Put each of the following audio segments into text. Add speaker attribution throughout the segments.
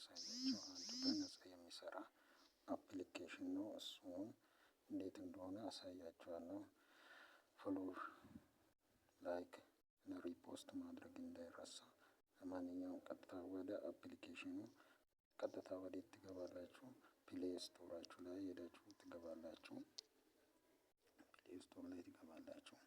Speaker 1: የማሳያቸው አንዱ በነፃ የሚሰራ አፕሊኬሽን ነው። እሱም እንዴት እንደሆነ አሳያቸዋለሁ። ፎሎ፣ ላይክ ሪፖስት ማድረግ እንዳይረሳ። ለማንኛውም ቀጥታ ወደ አፕሊኬሽኑ ቀጥታ ወዴት ትገባላችሁ? ፕሌይ ስቶራችሁ ላይ ሄዳችሁ ትገባላችሁ። ፕሌይ ስቶር ላይ ትገባላችሁ።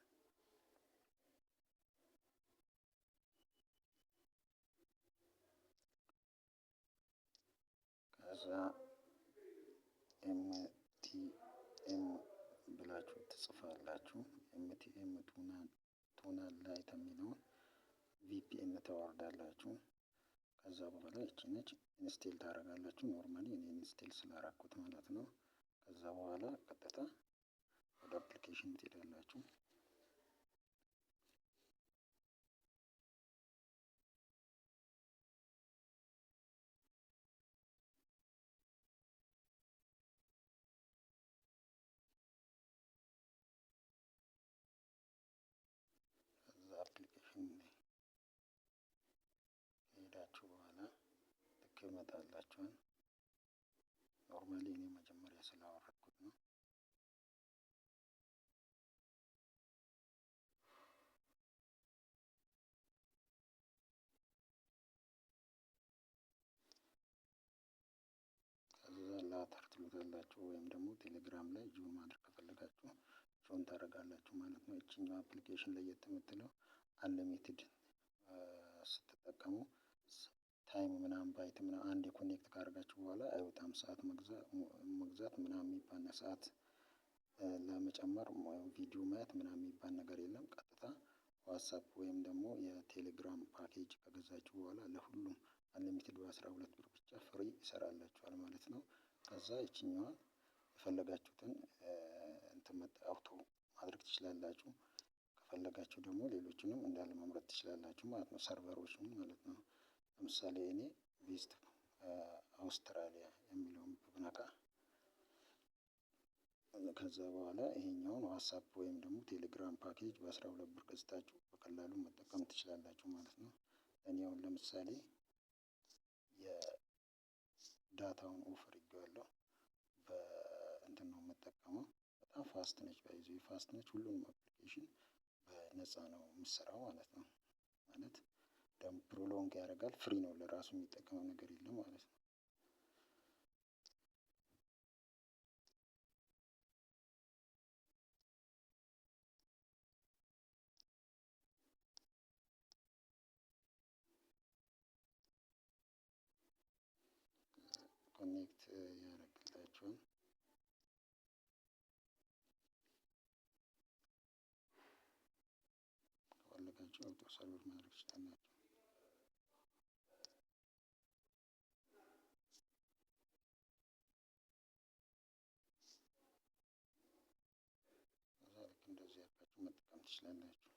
Speaker 1: ከዛ ኤምቲኤም ብላችሁ ትጽፋላችሁ። ኤምቲኤም ቱናን ላይት የሚለውን ቪፒኤን ታወርዳላችሁ። ከዛ በኋላ ይችነች ኢንስቴል ታደርጋላችሁ። ኖርማሊ እኔ ኢንስቴል ስላረኩት ማለት ነው። ከዛ በኋላ ቀጥታ ወደ አፕሊኬሽን ትሄዳላችሁ። ትመጣላችኋል። ኖርማሊ እኔ መጀመሪያ ስላወረድኩት ነው። ላተር ትሉታላችሁ ወይም ደግሞ ቴሌግራም ላይ ጆን ማድረግ ከፈለጋችሁ ጆን ታደርጋላችሁ ማለት ነው። ይችኛው አፕሊኬሽን ላይ የምትለው አንሊሚትድ ስትጠቀሙ ታይም ምናምን ባይት ምናምን አንዴ ኮኔክት ካደረጋችሁ በኋላ አይወጣም። ሰዓት መግዛት ምናምን የሚባል ሰዓት ለመጨመር ቪዲዮ ማየት ምናምን የሚባል ነገር የለም። ቀጥታ ዋትሳፕ ወይም ደግሞ የቴሌግራም ፓኬጅ ከገዛችሁ በኋላ ለሁሉም አንሊሚትድ በአስራ ሁለት ብር ብቻ ፍሪ ይሰራላችኋል ማለት ነው። ከዛ ይችኛዋ የፈለጋችሁትን እንትን አውቶ ማድረግ ትችላላችሁ። ከፈለጋችሁ ደግሞ ሌሎችንም እንዳለ መምረጥ ትችላላችሁ ማለት ነው። ሰርቨሮችን ማለት ነው ለምሳሌ እኔ ቤስት አውስትራሊያ የሚለውን ብነካ ከዛ በኋላ ይሄኛውን ዋትሳፕ ወይም ደግሞ ቴሌግራም ፓኬጅ በአስራ ሁለት ብር ገዝታችሁ በቀላሉ መጠቀም ትችላላችሁ ማለት ነው። እኔ አሁን ለምሳሌ የዳታውን ኦፈር ይገዋለሁ በእንትን ነው የምጠቀመው። በጣም ፋስት ነች፣ ባይዞ ፋስት ነች። ሁሉንም አፕሊኬሽን በነፃ ነው የምሰራው ማለት ነው ማለት ደግሞ ፕሮሎንግ ያደርጋል። ፍሪ ነው፣ ለራሱ የሚጠቀመው ነገር የለም ማለት ነው። ኮኔክት ያደረግላቸውን ከፈለጋችሁ አውቶ ሰርቨር ማድረግ ትችላላችሁ። በዚያባችሁ መጠቀም ትችላላችሁ።